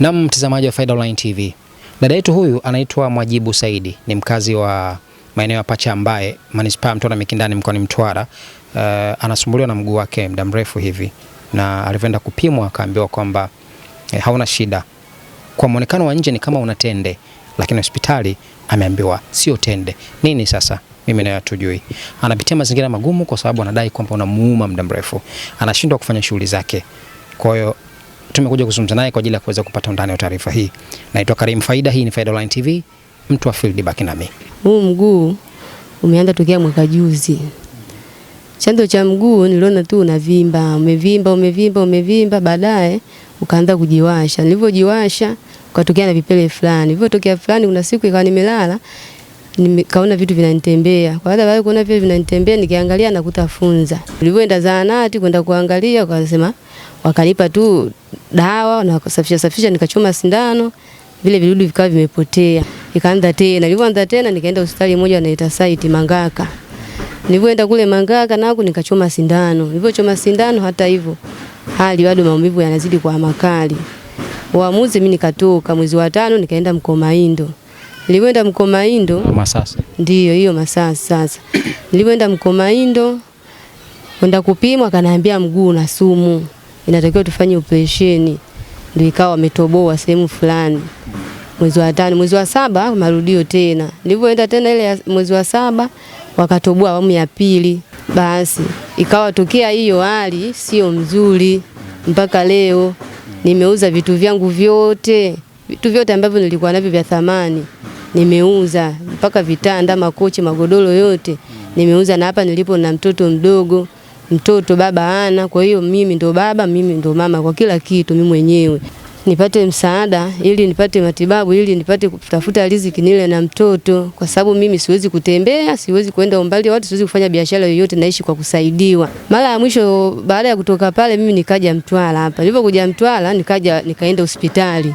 Na mtazamaji wa Faida Online TV, dada yetu huyu anaitwa Mwajibu Saidi, ni mkazi wa maeneo ya Pacha ambaye manispaa Mtwara Mikindani mkoani Mtwara. Uh, anasumbuliwa na mguu wake muda mrefu hivi, na alivyoenda kupimwa akaambiwa kwamba eh, hauna shida. Kwa muonekano wa nje ni kama una tende, lakini hospitali ameambiwa sio tende. Nini sasa? Mimi nayo hatujui. Anapitia mazingira magumu kwa sababu anadai kwamba unamuuma muda mrefu, anashindwa kufanya shughuli zake. Kwa hiyo tumekuja kuzungumza naye kwa ajili ya kuweza kupata undani wa taarifa hii. Naitwa Karim Faida, hii ni Faida Online TV, mtu wa field, baki nami. Huu mguu umeanza tokea mwaka juzi. Chanzo cha mguu niliona tu unavimba, umevimba, umevimba, umevimba, baadaye ukaanza kujiwasha. Nilivyojiwasha ukatokea na vipele fulani. tokea fulani, kuna siku ikawa nimelala kaona vitu vinanitembea. Kwa sababu kuona vitu vinanitembea, nikiangalia na kutafunza. Nilipoenda zahanati kwenda kuangalia, wakasema wakanipa tu dawa na kusafisha safisha, nikachoma sindano, vile vidudu vikawa vimepotea. Nikaanza tena, nilipoanza tena nikaenda hospitali moja anaita site Mangaka. Nilipoenda kule Mangaka nako nikachoma sindano. Nilipochoma sindano, hata hivyo hali bado maumivu yanazidi kwa makali. Uamuzi mimi nikatoka mwezi wa tano nikaenda Mkomaindo nilipoenda Mkomaindo Masasa, ndio hiyo Masasa. Sasa nilipoenda Mkomaindo kwenda kupimwa, kanaambia mguu na sumu, inatakiwa tufanye operesheni. Ndio ikawa wametoboa sehemu fulani. Mwezi wa tano, mwezi wa saba marudio tena, nilipoenda tena ile mwezi wa saba wakatoboa awamu ya pili. Basi ikawa tokea hiyo hali sio mzuri mpaka leo. Nimeuza vitu vyangu vyote, vitu vyote ambavyo nilikuwa navyo vya thamani nimeuza mpaka vitanda, makochi, magodoro yote nimeuza, na hapa nilipo na mtoto mdogo mtoto baba ana. Kwa hiyo mimi ndo baba, mimi ndo mama kwa kila kitu, mimi mwenyewe nipate msaada ili nipate matibabu ili nipate kutafuta riziki nile na mtoto, kwa sababu mimi siwezi kutembea, siwezi kwenda umbali watu, siwezi kufanya biashara yoyote, naishi kwa kusaidiwa. Mara ya mwisho baada ya kutoka pale, mimi nikaja Mtwara hapa. Nilipokuja Mtwara, nikaja nikaenda hospitali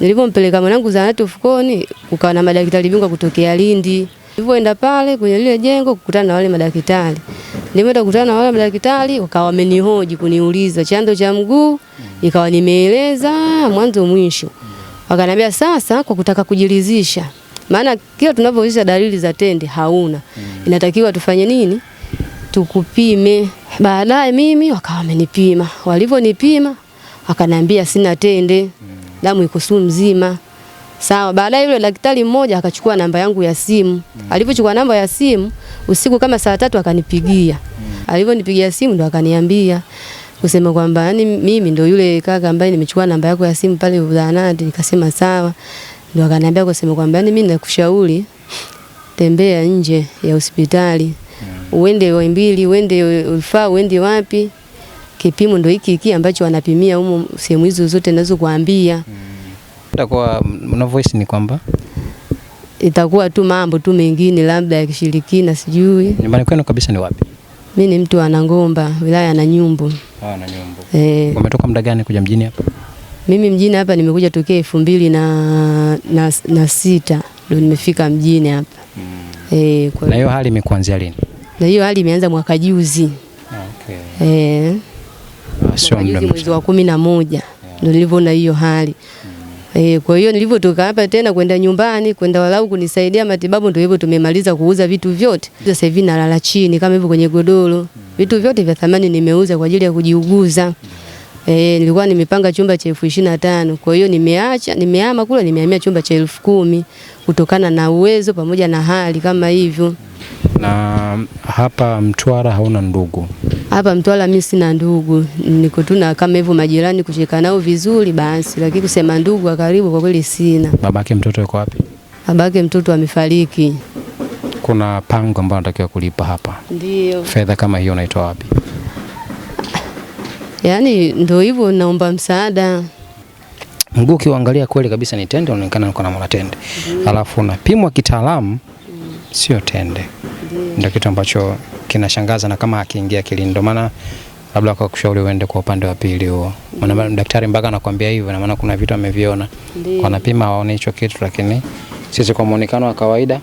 Nilipompeleka mwanangu zahanati ufukoni, kukawa na madaktari bingwa kutokea Lindi. Nilipoenda pale kwenye lile jengo kukutana na wale madaktari, nilipoenda kukutana na wale madaktari wakawa wamenihoji kuniuliza chanzo cha mguu, ikawa nimeeleza mwanzo mwisho. Wakaniambia sasa, kwa kutaka kujiridhisha, maana kila tunapoonyesha dalili za tende hauna, inatakiwa tufanye nini? Tukupime. Baadaye mimi wakawa wamenipima, walivyonipima wakaniambia sina tende damu iko sumu mzima. Sawa, baadaye yule daktari mmoja akachukua namba yangu ya simu. Mm. Alipochukua namba ya simu usiku kama saa tatu akanipigia. Mm. Alivyonipigia simu ndo akaniambia kusema kwamba yani mimi ndo yule kaka ambaye nimechukua namba yako ya simu pale zahanati. Nikasema sawa. Ndo akaniambia kusema kwamba yani mimi nakushauri tembea nje ya hospitali. Mm. Uende Waimbili, uende Ulfa, uende wapi? kipimo ndio hiki hiki ambacho wanapimia humo sehemu hizo zote kuambia. Mm. Itakuwa mna voice ni kwamba itakuwa tu mambo tu mengine labda ya kishirikina sijui. Nyumbani kwenu kabisa ni wapi? Mimi ni mtu wa Nangomba, wilaya ya Nanyumbu. Ah, Nanyumbu. Eh, umetoka muda gani kuja mjini hapa? Mimi mjini hapa nimekuja tokea elfu mbili na, na, na sita ndio nimefika mjini hapa. Mm. Eh, kwa... na hiyo hali imekuanzia lini? Na hiyo hali imeanza mwaka juzi. Ah, okay. Eh sio muda mrefu, mwezi wa kumi na moja ndio nilivyoona hiyo hali E, kwa hiyo nilivyotoka hapa tena kwenda nyumbani kwenda walau kunisaidia matibabu, ndio hivyo tumemaliza kuuza vitu vyote. Sasa hivi nalala chini kama hivyo kwenye godoro, vitu vyote vya thamani nimeuza kwa ajili ya kujiuguza. Eh, nilikuwa nimepanga chumba cha elfu ishirini na tano kwa hiyo nimeacha, nimehama kule, nimehamia chumba cha elfu kumi kutokana na uwezo pamoja na hali kama hivyo. Na hapa Mtwara hauna ndugu? Hapa Mtwara mimi sina ndugu, niko tu na kama hivyo majirani kucheka nao vizuri basi, lakini kusema ndugu wa karibu kwa kweli sina. Babake mtoto yuko wapi? Babake mtoto amefariki. Kuna pango ambayo natakiwa kulipa hapa, ndio fedha kama hiyo unaitoa wapi? Yaani ndio hivyo, naomba msaada mguu ukiangalia kweli kabisa ni tende, unaonekana uko na mwanatende mm. Alafu unapimwa kitaalamu mm. Sio tende ndio kitu ambacho kinashangaza na kama akiingia akilini, ndio maana labda kwa kushauri uende kwa upande wa pili huo. Maana daktari mpaka anakuambia hivyo, na maana kuna vitu ameviona, wanapima waone hicho kitu, lakini sisi kwa muonekano wa kawaida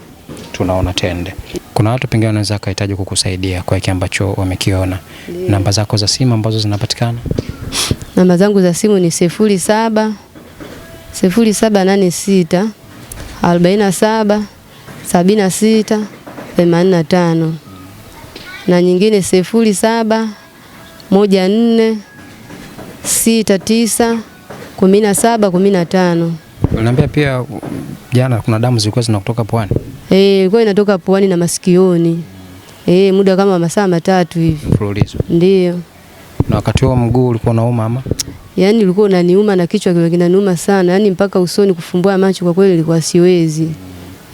tunaona tende. Kuna watu pengine wanaweza kahitaji kukusaidia kwa kile ambacho wamekiona. Namba zako za simu ambazo zinapatikana? Namba zangu za simu ni sifuri saba sifuri saba nane sita arobaini na saba sabini na sita themanini na tano na nyingine sifuri saba moja nne sita tisa kumi na saba kumi na tano. Uliniambia pia jana kuna damu zilikuwa zinakutoka puani? Eh, ilikuwa inatoka puani na masikioni e, muda kama masaa matatu hivi mfululizo. Ndio. Na wakati huo mguu ulikuwa unauma ama? Yaani ulikuwa unaniuma na kichwa kilikuwa kinaniuma sana, yaani mpaka usoni, kufumbua macho kwa kweli ilikuwa siwezi.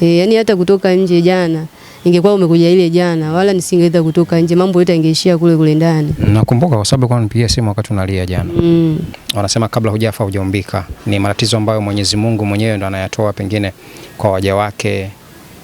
E, yaani hata kutoka nje jana ningekuwa umekuja ile jana, wala nisingeweza kutoka nje, mambo yote yangeishia kule kule ndani. Nakumbuka kwa sababu kwa nipigia simu wakati unalia jana mm. Wanasema kabla hujafa hujaumbika. Ni matatizo ambayo Mwenyezi Mungu mwenyewe ndo anayatoa pengine kwa waja wake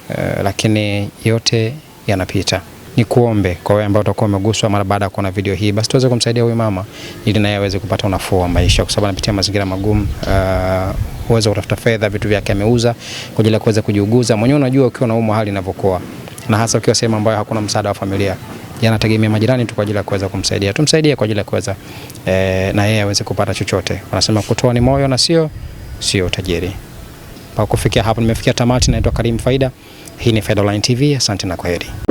e, lakini yote yanapita. Ni kuombe kwa wewe ambao utakuwa umeguswa mara baada ya kuona video hii, basi tuweze kumsaidia huyu mama ili naye aweze kupata unafuu wa maisha, kwa sababu anapitia mazingira magumu uh, uwezo kutafuta fedha, vitu vyake ameuza kwa ajili ya kuweza kujiuguza mwenyewe. Unajua ukiwa na unaumwa hali inavyokuwa na hasa ukiwa sehemu ambayo hakuna msaada wa familia, yanategemea majirani tu kwa ajili ya kuweza kumsaidia. Tumsaidie kwa ajili ya kuweza e, na yeye aweze kupata chochote. Wanasema kutoa ni moyo na sio sio utajiri. Pa kufikia hapo, nimefikia tamati. Naitwa Karim Faida, hii ni Faida Online TV. Asante na kwaheri.